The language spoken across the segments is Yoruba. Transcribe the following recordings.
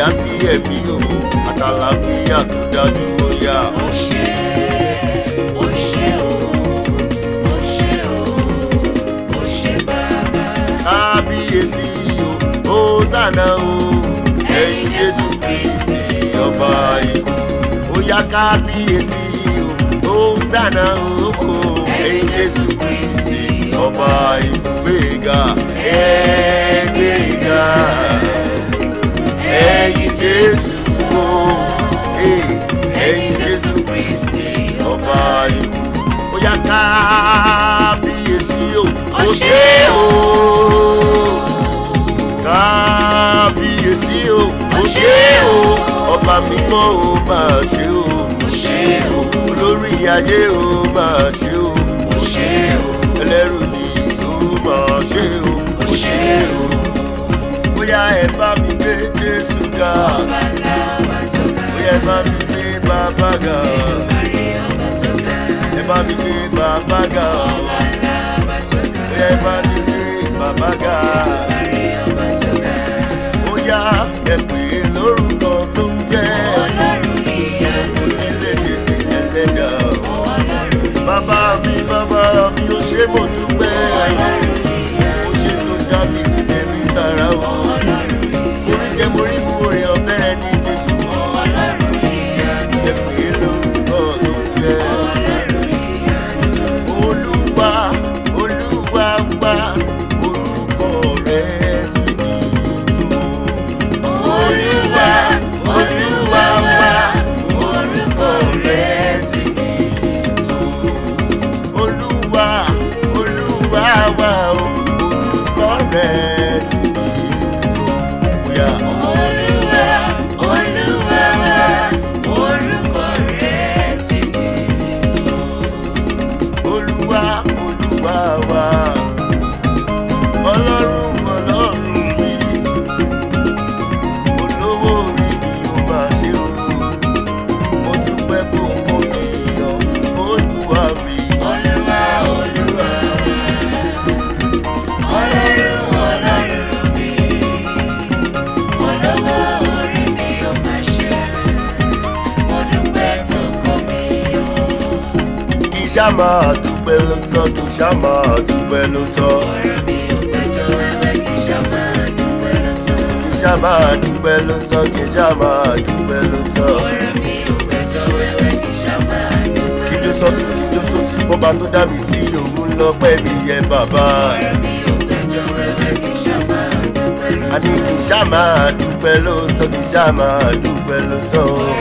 já sí ẹ̀mí òun àtàlàfíà tó dájú ó yá. ó ṣe ó ṣe ó ṣe ó ṣe bàbá. kábíyèsí o ó sànà o ẹ̀yin jésù kristi ọba ikú ó yá kábíyèsí o ó sànà o ẹ̀yin jésù kristi ọba ikú gbéga ẹ gbéga ẹ̀yin jésù o ẹ̀yin jésù kristi ọba ikú. ó yá kábíyèsí o ó ṣe o kábíyèsí o ó ṣe o ọba mímọ́ o máa ṣe o olórí ayé o máa ṣe o ẹlẹ́rù ni o máa ṣe o bóyá ẹ bá mi. Jésù ga. Oyè bá mi gbé bàbá ga. Ẹ bá mi gbé bàbá ga. Oyè bá mi gbé bàbá ga. Oyà ẹ pè é lórúkọ tó ń jẹ́. Bàbá mi bàbá mi ò ṣe mo dúpẹ́. máa dúpẹ́ lóòótọ́ kì í ṣá máa dúpẹ́ lóòótọ́. ọ̀rọ̀ mi ò péjọ wẹ́wẹ́ kì í ṣá máa dúpẹ́ lóòótọ́. kì í ṣá máa dúpẹ́ lóòótọ́ kì í ṣá máa dúpẹ́ lóòótọ́. ọ̀rọ̀ mi ò péjọ wẹ́wẹ́ kì í ṣá máa dúpẹ́ lóòótọ́. kí ló sọ sí tó dá mi sí òun lọ́pẹ́ mi yẹ bàbá. ọ̀rọ̀ mi ò péjọ wẹ́wẹ́ kì í ṣá máa dúpẹ́ lóòótọ́. àní kì í ṣá máa dúpẹ́ lóòótọ́ kì í ṣá máa dúpẹ́ lóòótọ́.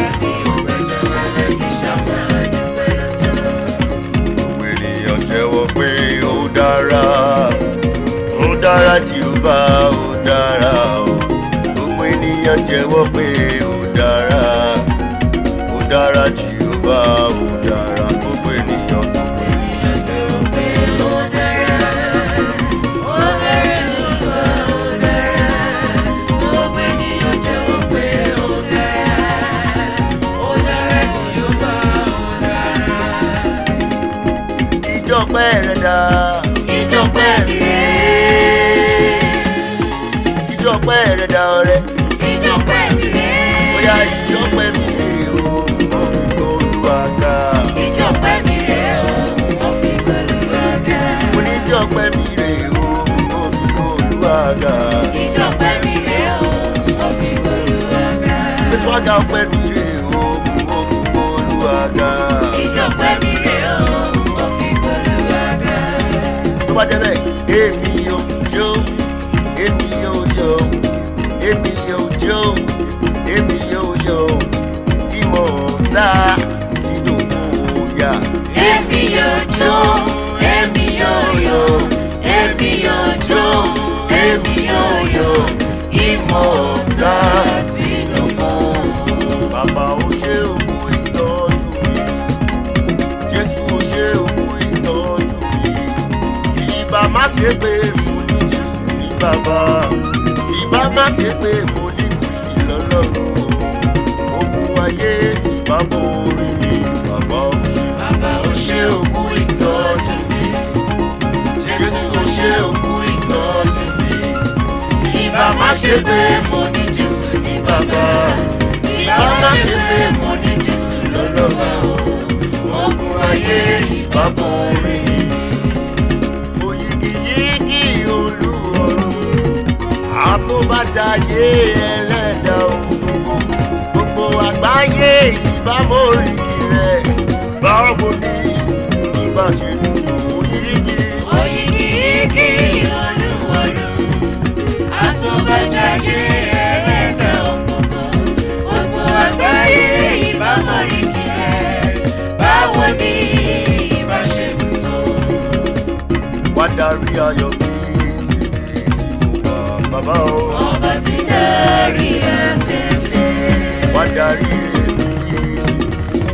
dára ó dára jìhófà ó dára ó gbogbo ènìyàn jẹ́wọ́ pé ó dára ó dára jìhófà ó dára gbogbo ènìyàn. ìjọpẹ́ rẹ̀ dáa. àga. ìjọba mi rè o ó fi gbólú àga. èso àga ọpẹ́ mi rè o ó fi gbólú àga. ìjọba mi rè o ó fi gbólú àga. tó bá jẹ́ bẹ́ẹ̀ èmi ò jó èmi ò yọ èmi ò jó èmi ò yọ ìmọ̀ tá ti dòfò yá. èmi ò jó èmi ò yọ. ṣe pé mo ní Jésù ni baba, ìbá má ṣe pé mo ní Kristi lọ́lọ́run ogun ayé ìbá Baba, rí ní bàbá òkè. bàbá ò ṣe òkú ìtọ́jú mi Jésù ò ṣe òkú ìtọ́jú mi ìbá má ṣe pé mo ní Jésù ní bàbá ìbá má ṣe pé ogun ayé ìbá mo rí ní. tó bá jayé ẹlẹ́dà òkòkò gbogbo àgbáyé ìbámu òrìkì rẹ̀ báwo ni ìbá ṣe dùn òyìnkì. òyìnkì kí olúwọlú àtúbàjáyé ẹlẹ́dà òkòkò gbogbo àgbáyé ìbámu òrìkì rẹ̀ báwo ni ìbá ṣe dùn tó. wá darí ayọ̀ bàbá o. ọba ti dárí afẹ́fẹ́. wá darí èmi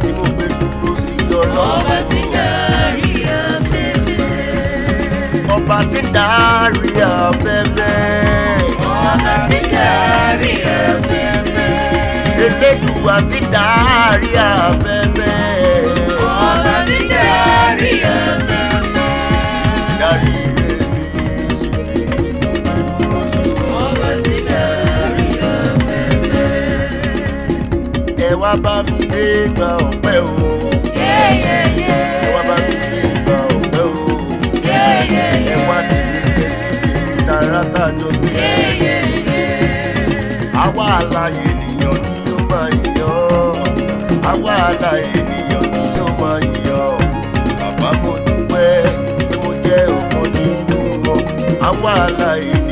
tí mo gbé dúró sí ọlọ́. ọba ti dárí afẹ́fẹ́. ọba ti dárí afẹ́fẹ́. ọba ti dárí afẹ́fẹ́. elédùn àti dárí afẹ́fẹ́. wá bá mi gbé gba ọpẹ́ o. ẹ wá bá mi gbé gba ọpẹ́ o. ẹ wá ní ilé dára tájọ gbé. àwa àlàyé ènìyàn ni yóò máa yọ. àwa àlàyé ènìyàn ni yóò máa yọ. bàbá mo dúpẹ́ mo jẹ́ ọ̀kan nínú wọn. àwa àlàyé.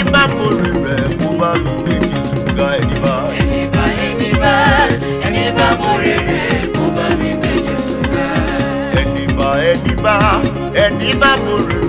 ẹni bá mo rè rẹ̀ kó bá mi gbé kí ṣùgá ẹni bá. ẹni bá ẹni bá ẹni bá mo kó bá mi gbé kí ṣùgá. ẹni bá ẹni bá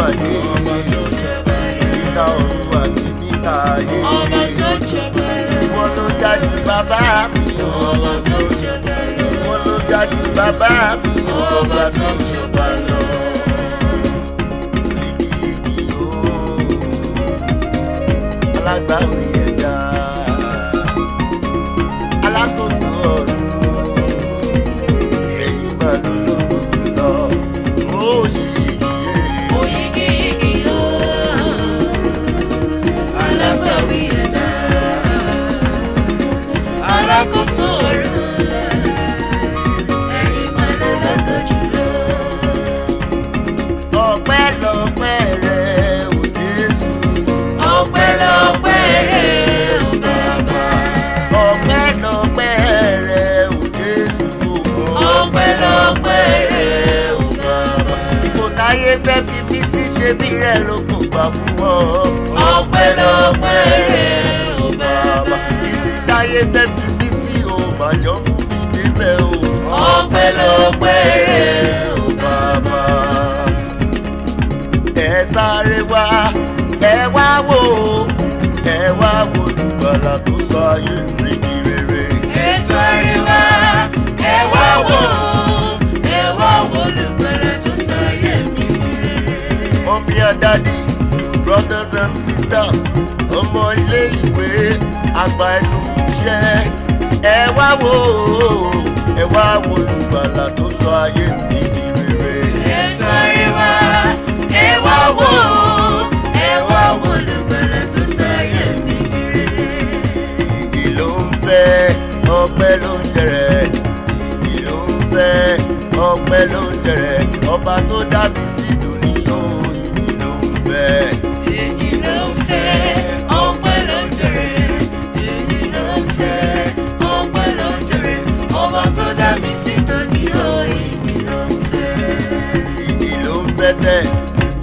pàdé níta ọ̀run àti níta ayé ìwọ ló dájú bàbá mi ìwọ ló dájú bàbá mi ọba tó jẹ bá lọ. alágbàwí. ọpẹ́ rẹ̀ ó bàbá. ibi táyé tẹ́tí bí sí o bàjọ́ fi débẹ̀ o. ọpẹ́ lọ́pẹ́ rẹ̀ ó bàbá. ẹ sáré wá ẹ wá wò ẹ wá wò olùgbàlà tó sọ ayé rẹ̀ ní rere. ẹ sáré wá ẹ wá wò ẹ wá wò olùgbàlà tó sọ ayé mi ní rere. mọ́mí and daddy brothers and sisters. Sultan ọmọ ilé ìwé àgbà ẹnu iṣẹ́ ẹ wá wò ó ẹ wá wò olùgbàlà tó sọ ayé mi di rere. ẹ sọ rí wa ẹ wá wò ó ẹ ló ń jẹrẹ ìdí ló ń fẹ́ ọpẹ́ ló ń.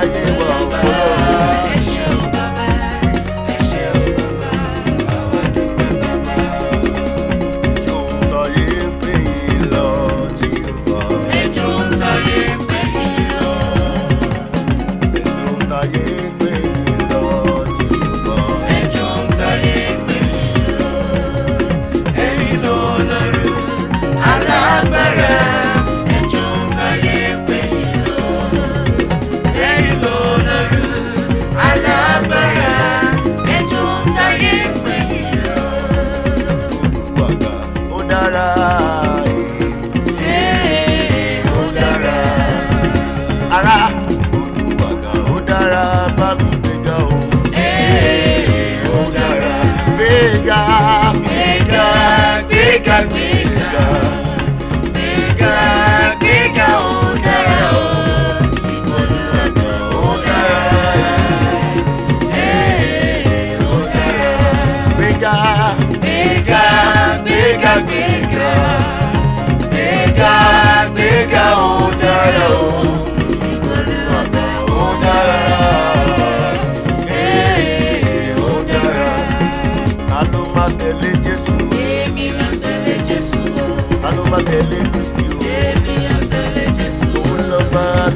ayé wa o.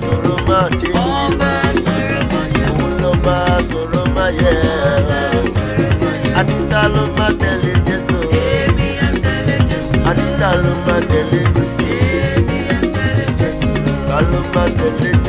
sọ̀rọ̀ má ti ń jẹ́ òun ló bá sọ̀rọ̀ má yẹ àtìtà ló má tẹ̀lé Jésù àtìtà ló má tẹ̀lé Jésù ta ló má tẹ̀lé Jésù.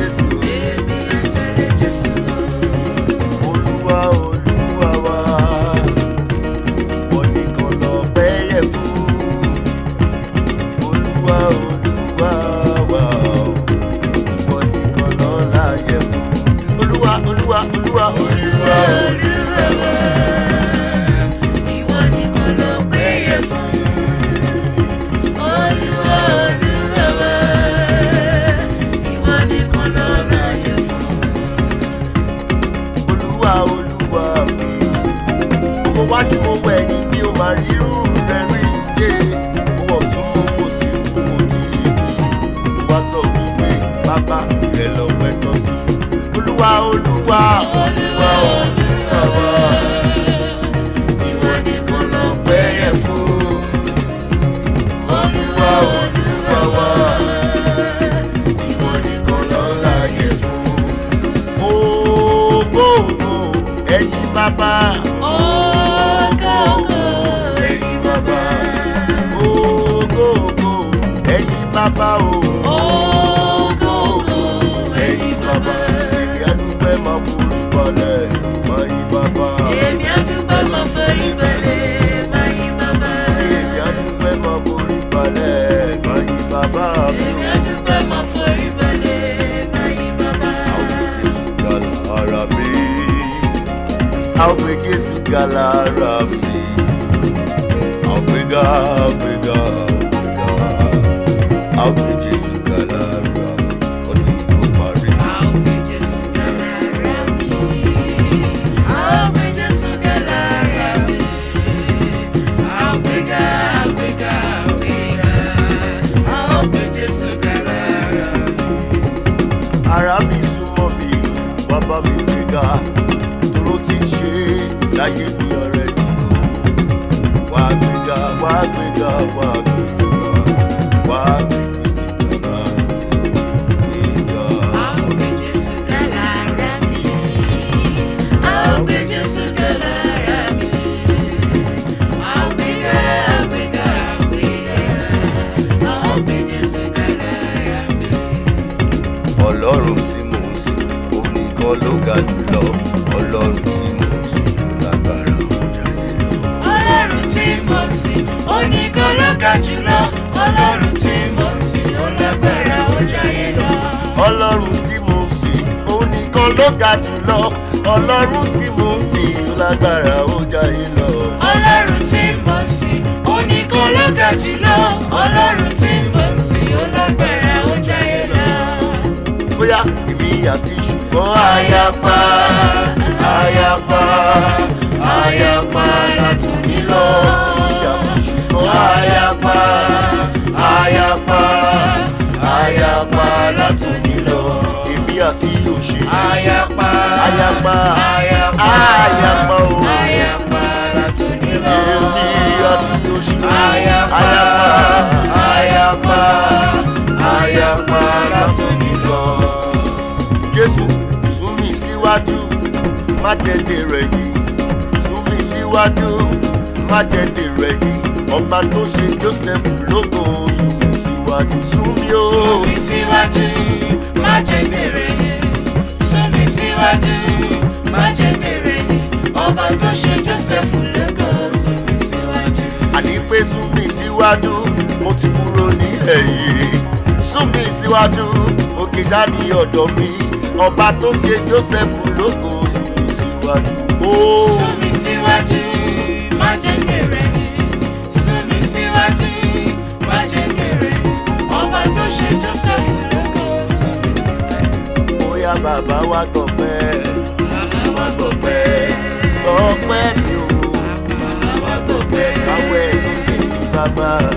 bàbá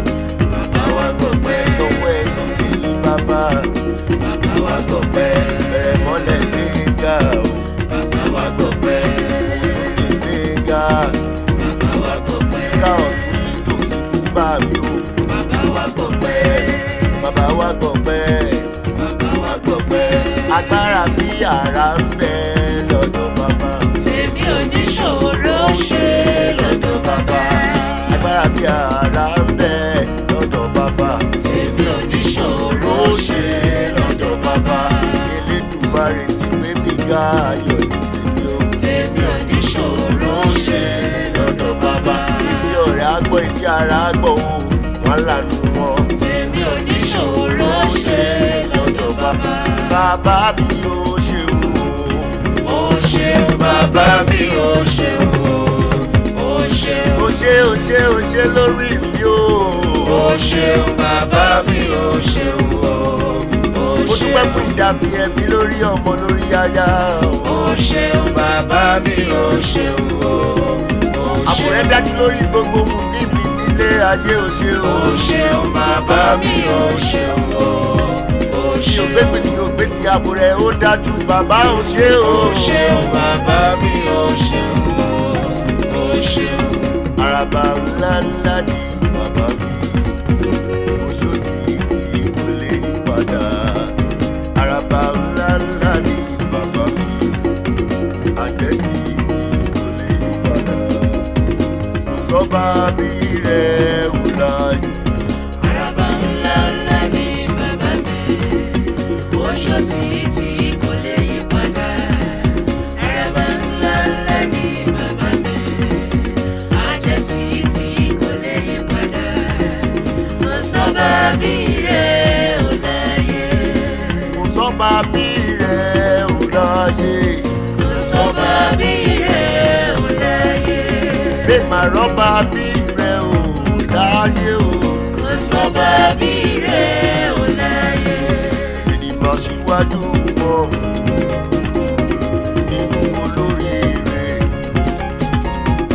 wa gbọ̀pẹ́ lọ́wọ́ ẹ̀yìn èyí bàbá bàbá wa gbọ̀pẹ́ bẹ̀rẹ̀ mọ́lẹ̀ gbẹ̀ngà o bàbá wa gbọ̀pẹ́ òṣèlú gbẹ̀ngà bàbá wa gbọ̀pẹ́ ká ọ̀tún yìí tó sì fún bá mi o bàbá wa agbára bí yàrá ń bẹ lọ́dọ̀ bàbá tèmi ò ní ṣòro ṣe lọ́dọ̀ bàbá agbára bí yàrá. yàrá gbọ̀ o wọ́n lànà wọn. tèmi ò ní ṣòro ṣe lọ́dọ̀ bàbá. bàbá mi ò ṣeun o. ó ṣeun bàbá mi ò ṣeun o. ó ṣeun. ó ṣe ó ṣe ó ṣe lórí mi o. ó ṣeun bàbá mi ò ṣeun o. ó dúpẹ́ fún ìdásí ẹbí lórí ọmọ lórí aya. ó ṣeun bàbá mi ò ṣeun o. àbúrẹ́dájú lórí gbogbo mu ilé ayé o ṣe o. o ṣeun bàbá mi o ṣeun o o ṣeun. ògbésì ni ògbésì ààbò rẹ ó dájú bàbá o ṣe o. o ṣeun bàbá mi o ṣeun o o ṣeun. àràbà ńlá ńlá ni. àrọ́bà bí rẹ̀ ò láyé o. kò sọ́bà bí rẹ̀ ò láyé. ènìyàn síwájú pọ̀ nínú olórí rẹ̀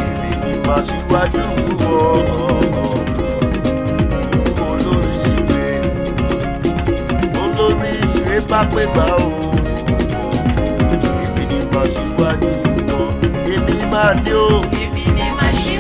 ènìyàn síwájú pọ̀. bá pé gbà ó. Èmi ni bá ṣíwájú wọn, èmi máa ní òun.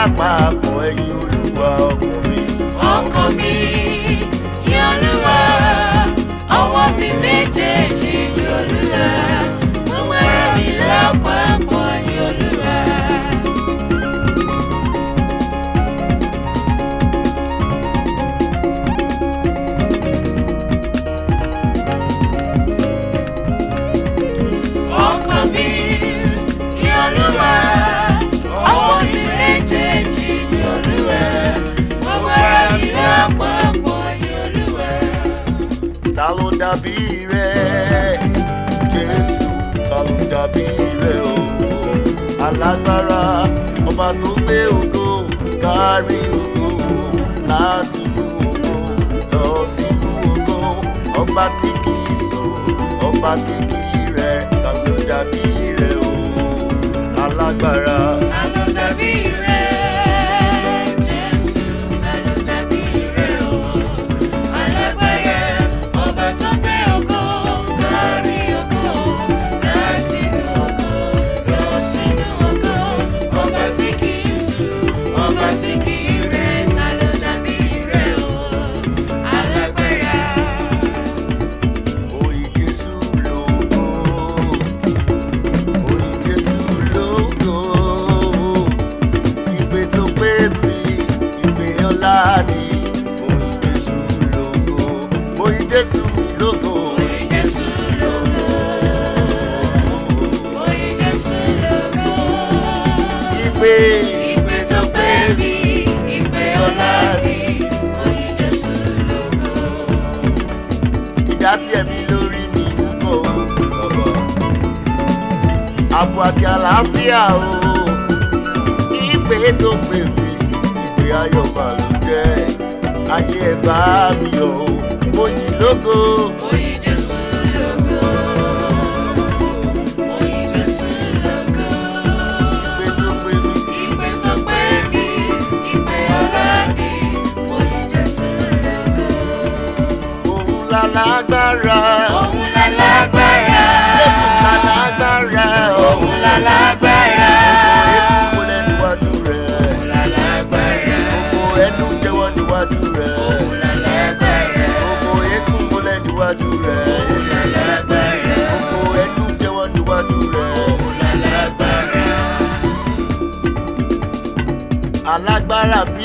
lápapọ̀ ẹ̀yin olúwa ọkọ̀. agbára ọba tó gbé ògo kárí ògo láti ìlú ògo lọ sí ìlú ògo ọba tí kì í sọ ọba tí kì í rẹ̀ tàbí ó dàbí o alágbára. ta ló dàbí àti àlàáfíà o ìpè tó pè mí ìpè ayọ̀ mà ló jẹ́ ayé ẹ̀ bá mi yọ̀ o mo yí lógo. mo yí Jésù lógo. mo yí Jésù lógo. ìpè tó pè mí. ìpè tó pè mí ìpè ọlá ni mo yí Jésù lógo. òun lálágbára.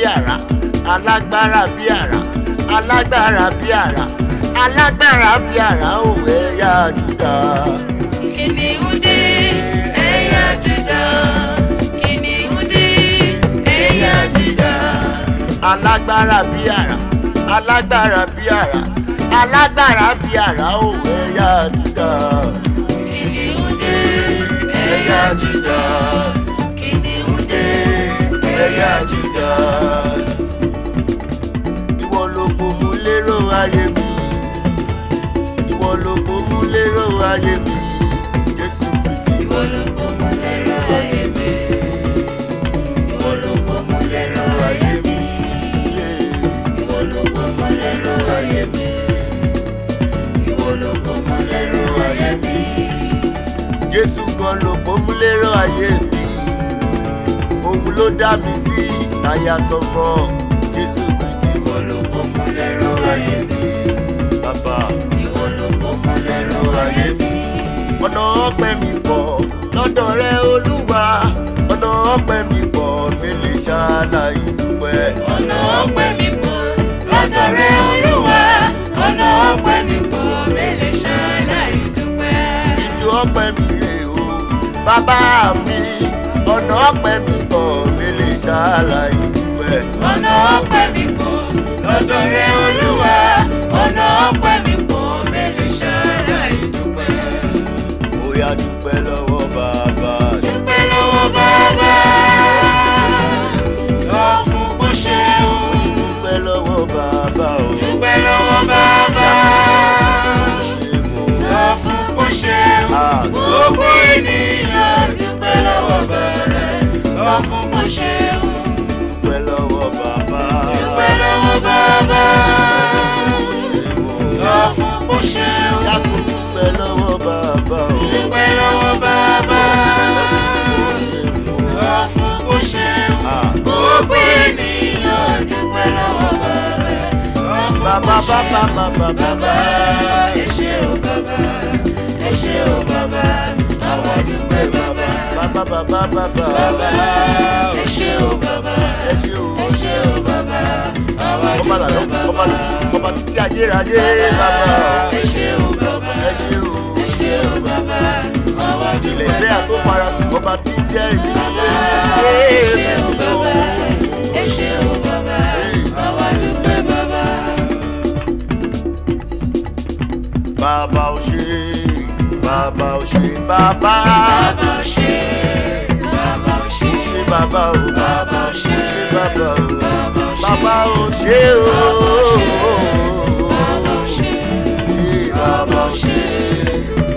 àrá alágbára bí àrá alágbára bí àrá alágbára bí àrá òwe ẹ̀yà Júdà. kìnìún dé ẹ̀yà Júdà kìnìún dé ẹ̀yà Júdà. alágbára bí àrá alágbára bí àrá alágbára bí àrá òwe ẹ̀yà Júdà. kìnìún dé ẹ̀yà Júdà kìnìún dé ẹ̀yà Júdà. God. Ìwọ ló kó mú lérò ayé mi. Ìwọ ló kó mú lérò ayé mi. Jésù Kristi. Ìwọ ló kó mú lérò ayé mi. Ìwọ ló kó mú lérò ayé mi. kan ló kó ayé mi. Òun ló dá mi sí táyà tó bọ̀ Jésù Kristi. Ìwọ ló kó mú lẹ́rọ ayé mi. Bàbá. Ìwọ ló kó mú lẹ́rọ ayé mi. Ọ̀nà ọpẹ́ mi pọ̀ lọ́dọ̀ rẹ Olúwa. Ọ̀nà ọpẹ́ mi pọ̀ mi lè ṣàlàyé dúpẹ́. Ọ̀nà mi pọ̀ lọ́dọ̀ rẹ Olúwa. Ọ̀nà mi pọ̀ mi lè ṣàlàyé dúpẹ́. Ìjọ mi rè o, bàbá mi, ọ̀nà ọpẹ́ mi ṣàlàyé rẹ̀. ọ̀nà ọpẹ́ mi kò lọ́dọ̀ rẹ olúwa ọ̀nà ọpẹ́ mi kò mẹ́lẹ̀ ṣàlàyé dúpẹ́. ó yá dúpẹ́ lọ́wọ́ bàbá. dúpẹ́ lọ́wọ́ bàbá. sọ fún bó ṣe ń. dúpẹ́ lọ́wọ́ bàbá o. dúpẹ́ lọ́wọ́ bàbá. sọ fún bó ṣe ń. Ah. gbogbo ènìyàn dúpẹ́ lọ́wọ́ bàbá. sọ fún bó ṣe ń. ṣeun. dákun dúpẹ́ lọ́wọ́ bàbá o. dúpẹ́ lọ́wọ́ bàbá sọ fún bó ṣeun. gbogbo ah. ènìyàn dúpẹ́ lọ́wọ́ bàbá sọ fún bó ṣeun. bàbá bàbá ẹ ṣé o bàbá ẹ ṣé o bàbá àwa dúpẹ́ bàbá. bàbá bàbá bàbá ẹ ṣé o bàbá ẹ Baba, bàbá títí ayérayé bàbá. ẹ ṣé o bàbá ẹ ṣé o ẹ ṣé o bàbá àwa dúpẹ́ bàbá. ilé ìfẹ́ àtọ́fara sí bàbá tí ń jẹ́ ìdílé. ẹ ṣé o bàbá ẹ ṣé o bàbá àwa dúpẹ́ bàbá. bàbá ò ṣe bàbá ò ṣe bàbá. bàbá ò ṣe bàbá ò ṣe bàbá ò bàbá ò ṣe bàbá ò bàbá ò ṣe o. ṣe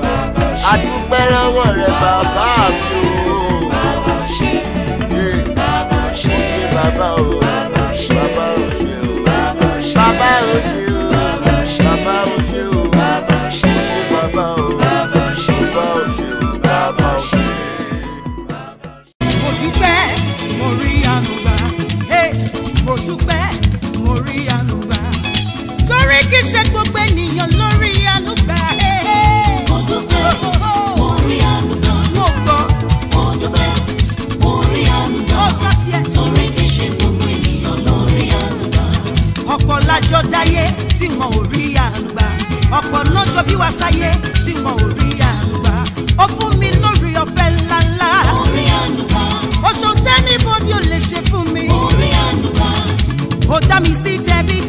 bàbá ṣe. àdúpẹ́ lọ́wọ́ rẹ bàbá mi o. bàbá ṣe bàbá ṣe bàbá o. bí wá sáyé tí wọn ò rí àgbà ó fún mi lórí ọ̀fẹ́ ńláńlá. dá mi sí tẹ́bí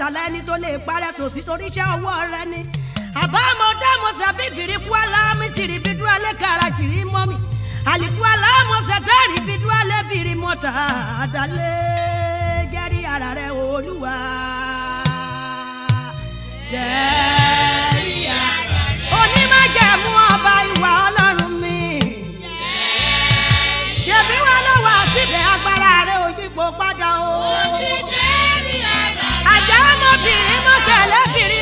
tàlẹ́ ẹni tó lè parẹ́ tòsí torí iṣẹ́ ọwọ́ rẹ ni. àbámọ̀ dámọ̀ sàbí bìrì kú aláàmì tìrì bí dúró lé kàrà jìrì mọ́ mi. àlìkú aláàmọ̀ sàtẹ́rì bí dúró lé bìrì mọ́ta àdálé jẹ́rí ara rẹ olúwa. jẹ́rí ara rẹ. onímọ̀jẹ̀mú ọba ìwà ọlọ́run mi. ṣèbí wọn lọ wá síbẹ̀ Tẹ̀lé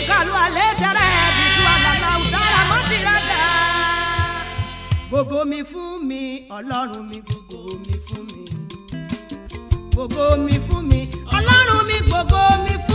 Gbogbo mi fún mi, Ọlọ́run mi, gbogbo mi fún mi. Gbogbo mi fún mi, Ọlọ́run mi, gbogbo mi fún mi.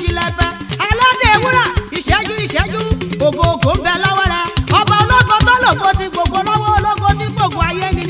jìlẹ̀fẹ̀ ẹlẹ́dẹ̀ ewúrà ìṣẹ́jú ìṣẹ́jú ògo ògo ń bẹ lọ́wọ́ rẹ̀ ọba ológo tó lògo ti gbogbo lọ́wọ́ ológo ti gbogbo ayé nínú.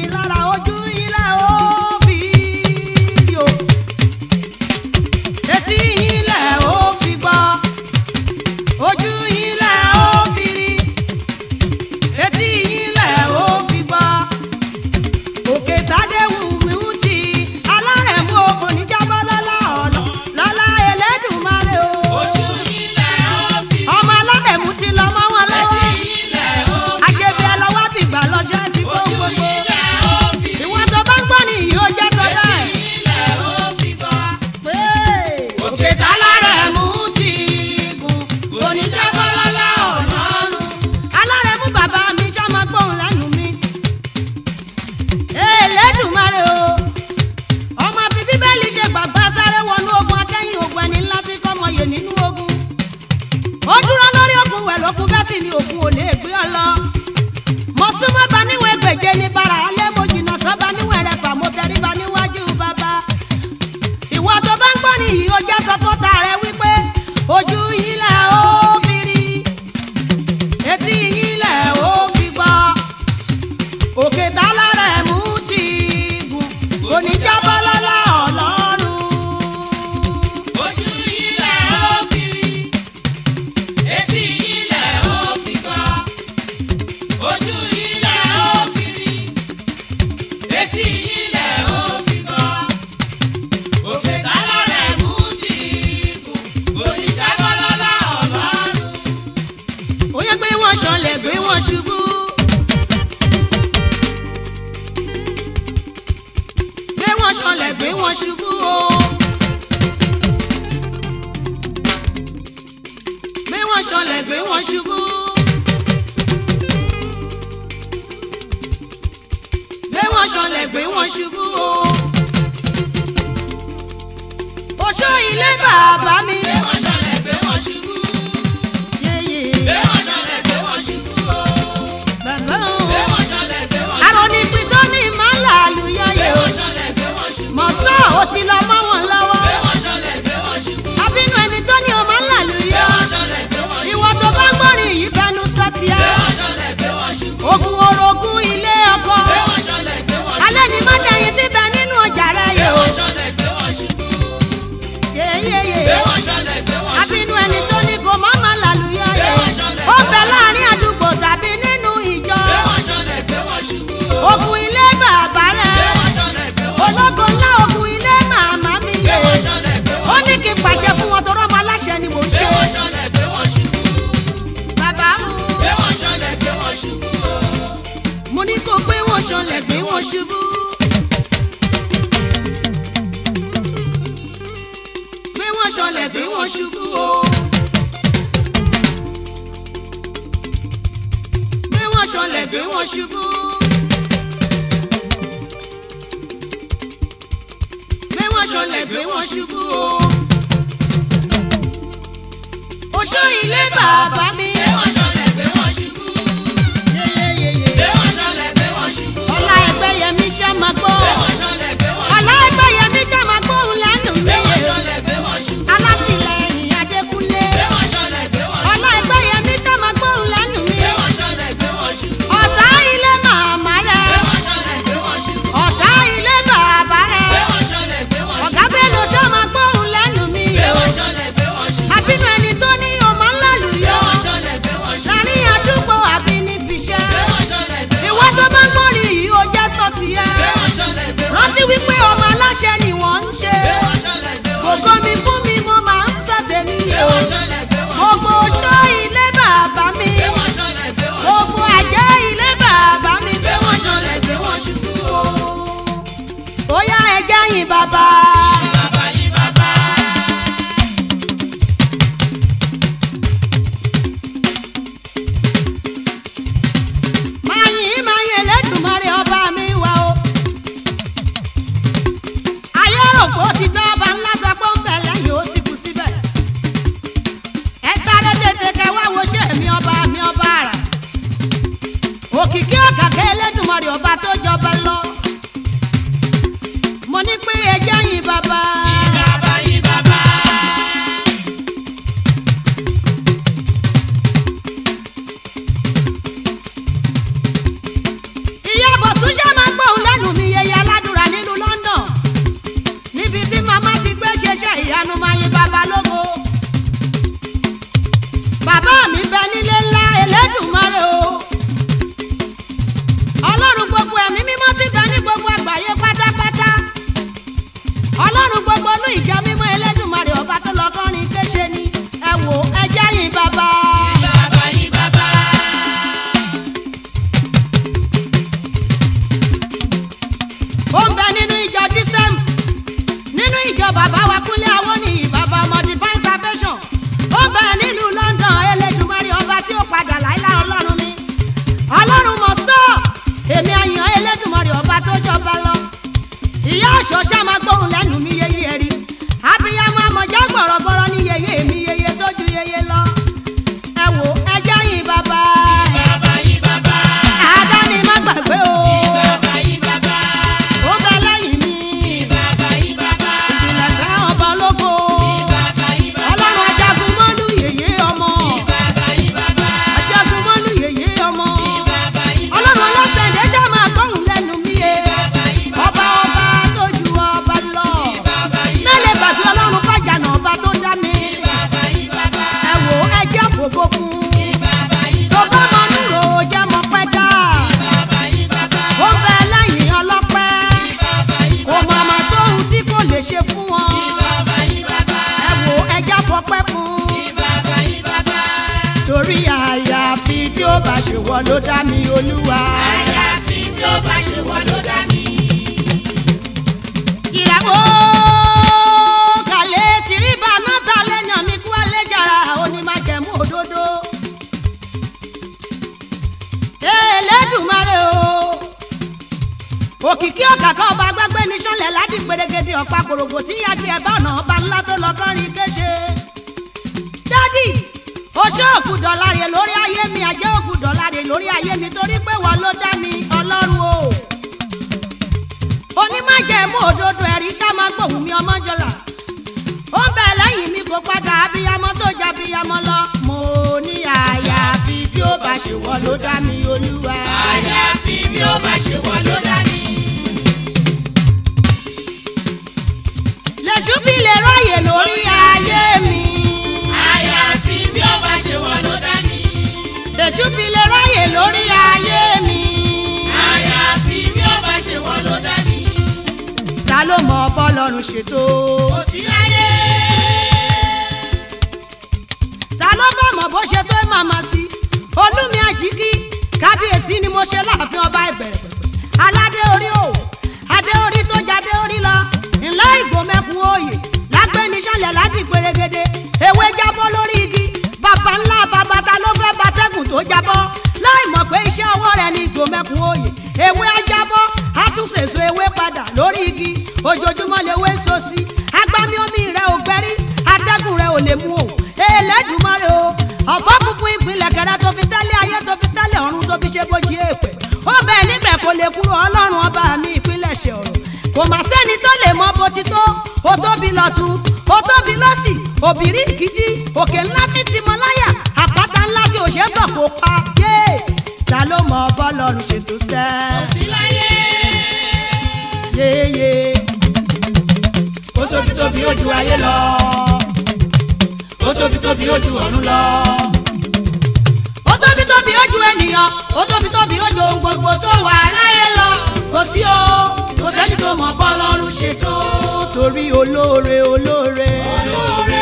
tóbi tóbi ó ju ọ̀run lọ. ó tóbi tóbi ó ju ènìyàn ó tóbi tóbi ó ju ohun gbogbo tó wà láyé lọ kò sí o kò sẹ́ni tó mọ̀ bọ́lọ́run ṣe tó. torí olóore olóore. olóore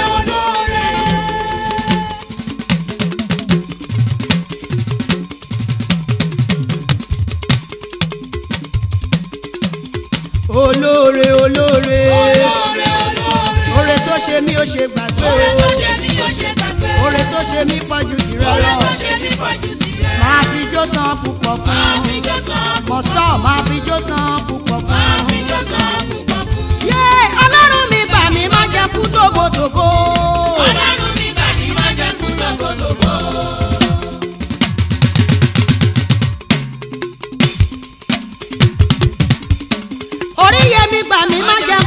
olóore. olóore olóore. olóore ṣe mí ó ṣe gbàgbé Ore tó ṣe mí ó ṣe gbàgbé oore tó ṣe mí pọ̀ ju tìrẹ lọ máa fi jó san púpọ̀ fún mọ̀sítọ́ máa fi jó san púpọ̀ fún. yé ọlọ́run mi bà mí má jẹ́ kú tókótókó. ọlọ́run mi bà mí má jẹ́ kú tókótókó. orí yẹmi gbà mí má jẹ́.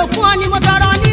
yòókù ni mo tọrọ ní.